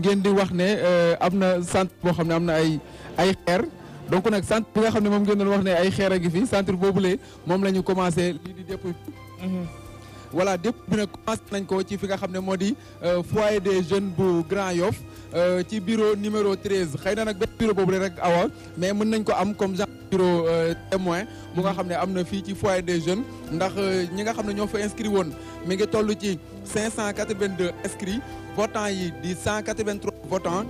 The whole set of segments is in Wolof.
ngeen di wax ne am na centre boo xam ne am na ay ay xeer donc nag centre bi nga xam ne moom ngeen doon wax ne ay xeer a ngi fi centre boobule moom la ñu commencé lii di depuis. voilà depuis nag commencé nañ ko ci fi nga modi euh, foyer des jeunes bu Grand Yoff euh, ci bureau numéro 13 xeyna nak nag bureau bobu rek awa mais mën nañ ko am comme genre bureau euh, témoin bu nga xam amna fi ci foyer des jeunes ndax ñi nga inscrire, ño fa inscrit won mi ngi tollu ci 582 inscrits votants yi di 183 votants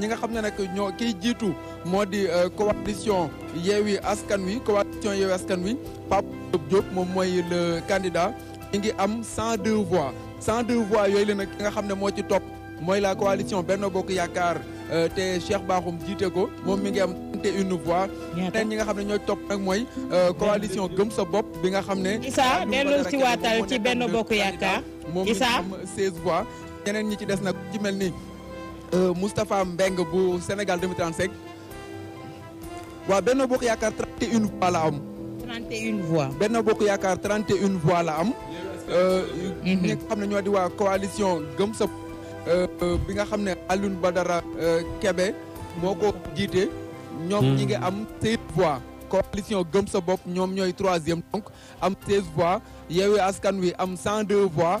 ñi nga xam nak ño ñoo jitu modi coalition yewi Askan Wi coalition yewi Askan Wi Pape Diop mom moy le candidat ñu ngi am 102 voix 102 voix yooyu la nag ki nga xam ne moo ci topp mooy la coalition Benno Bokk Yaakaar euh, te Cheikh Bakhoum jiite ko moom mi ngi am te une voix ñeneen ñi nga xam ne ñoo topp nag mooy euh, coalition gëm sa bopp bi nga xam ne Issa dellu ci waatal ci Benno Bokk Yaakaar moom mi am 16 voix ñeneen ñi ci des nag ci mel ni euh, Moustapha Mbeng bu Sénégal 2035 waaw Benno Bokk Yaakaar 31 voix la am 31 voix Benno Bokk Yaakaar 31 voix la am Euh, mhm. ñi nga xam ne ñoo di waa coalition gëm sa euh, bi nga xam ne Alioune Badara euh, Kebe moo ko jiite ñoom ñi mhm. ngi am seize voix coalition gëm sa bopp ñoom ñooy troisième donc am seize voix Yewwi Askan Wi am cent deux voix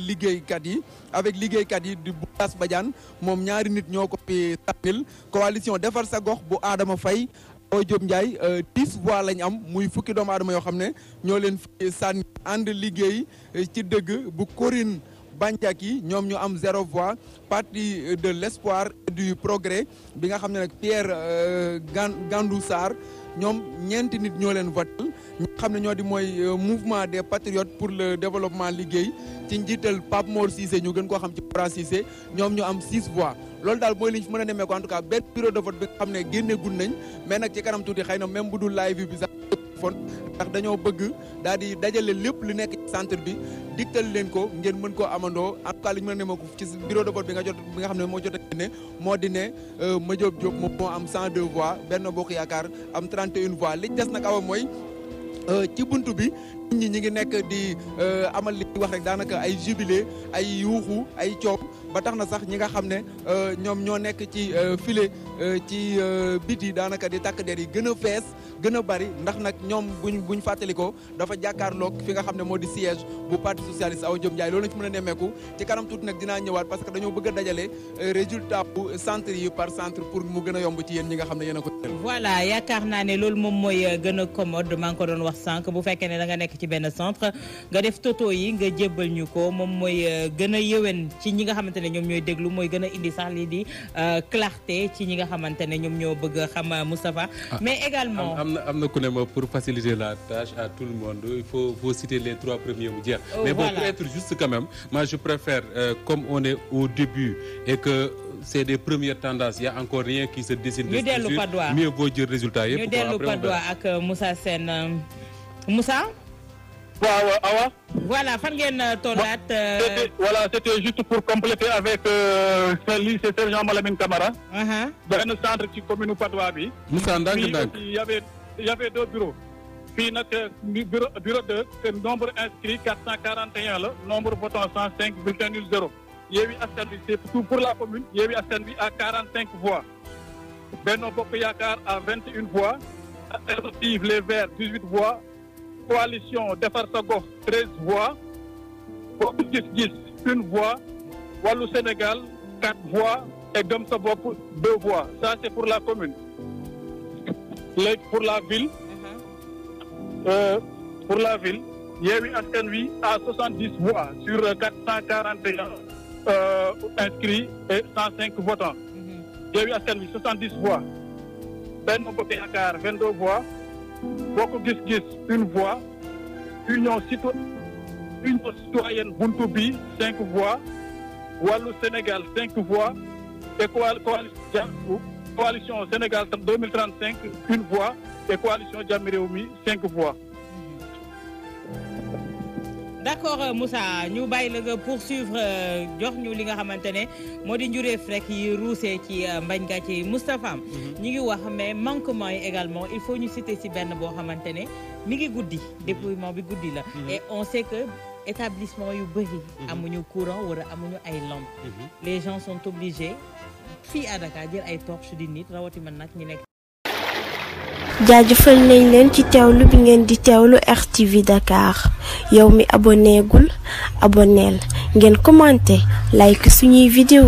liggéeykat yi avec liggéeykat yi du bass ñaari nit ñoko coalition défar sa gox bu Adama Faye Diop euh, voix lañ am muy fukki yo leen euh, Corinne voix parti de l'espoir du progrès bi nga Pierre euh, Gandou ñom ñent nit ñoo leen voté ñi xam ne ñoo di mooy euh, mouvement des patriotes pour le développement liguey ci njiital Pape Mor Cissé ñu gën ko xam ci Fra Cissé ñoom ñu am 6 voix loolu dal moy li ñu mën a nemmeeku en tout cas benn bureau de vote bi nga xam ne nañ mais nak ci kanam touti xëy même budul live bi sax téléphone tax dañoo bëgg daal di dajale lépp lu nekk ci centre bi diktal leen ko ngeen mën koo amandoo en tout cas mën a ne ma ko ci bureau de bi nga jot bi nga xam ne moo jot a ne moo di ne euh, Madiop Diop moom moo am cent 102 voix benn Bokk Yaakaar am 31 voix li des nag awa mooy euh, ci buntu bi. ñi ñi ngi nekk di euh, amal li wax rek daanaka ay jubilé ay yuuxu ay coow ba tax na sax ñi nga xam ne euh, ñoom ñoo nekk ci euh, file ci biti daanaka di takk der yi a fees gën a bari ndax nag ñoom buñ buñ fàttalikoo dafa jàkkaarloog fi nga xam moo di siège bu parti socialiste Awa Diom Ndiaye loolu lañ ci mën a nemmeeku ci kanam tuuti nag dinaa ñëwaat parce que dañoo bëgg a dajale résultat bu centre yi par centre pour mu gën yomb ci yéen ñi nga xam ne yéen a ko voilà moom mooy gën a wax sànq bu fekkee ci benn centre nga def toto yi nga jébbal ñu ko moom mooy euh, gën a yëwen ci ñi nga xamante ne ñoom ñooy déglu mooy gën a indi sax lii di euh, clarté ci ñi nga xamante ne ñoom ñoo bëgg xam euh, Moustapha ah, mais également am na am na ku ne ma pour faciliter la tâche à tout le monde il faut faut citer les trois premiers mu jeex oh, mais bon pour être juste quand même moi je préfère comme on est au début et que c'est des premières tendances il y a encore rien qui se dessine. ñu dellu Padois mieux vaut jël résultat yëpp. ñu dellu Padois ak Moussa Sène Moussa. Voilà, voilà c'était juste pour compléter avec Félix euh, et Sergent Malamin Camara. Dans uh-huh. un centre qui commune au Padouabi. Il y avait deux bureaux. Puis notre euh, bureau, bureau de le nombre inscrit 441, le nombre votant 105, bulletin Il y a eu tout pour la commune, il y a eu service à 45 voix. Benoît Bokoyakar à 21 voix. Les Verts, 18 voix coalition de à 13 voix Bokk 10 1 voix Sénégal 4 voix et dom 2 voix ça c'est pour la commune pour la ville uh-huh. euh, pour la ville Yewwi Askan a à 70 voix sur 441 euh, inscrits et 105 votants uh-huh. Yewwi Askan 70 voix Ben mbopé Akar 22 voix Boko gis une voix union citoyenne buntu cinq voix Wallou Sénégal cinq voix et coalition Sénégal 2035 une voix et coalition Djamireumi, cinq voix D'accord, accord euh, Moussa ñu bàyyi la poursuivre euh, jox ñu li nga xamante modi moo di rek yi ruusee ci euh, mbagn gàcce Mustapha, Moustapha mhm. ñi ngi wax mais manquement également il faut ñu citer ci benn bo xamante ne mi ngi goudi mhm. déploiement bi Goudi la mhm. et on sait que établissement yu bëri amuñu courant wala amuñu ay lampe les gens sont obligés fi à Dakar jël ay torches di nit rawati man nak ñi jaajëfal nañ leen ci teewlu bi ngeen di teewlu RTV Dakar yow mi aboneegul aboneel ngeen commenté like suñuy video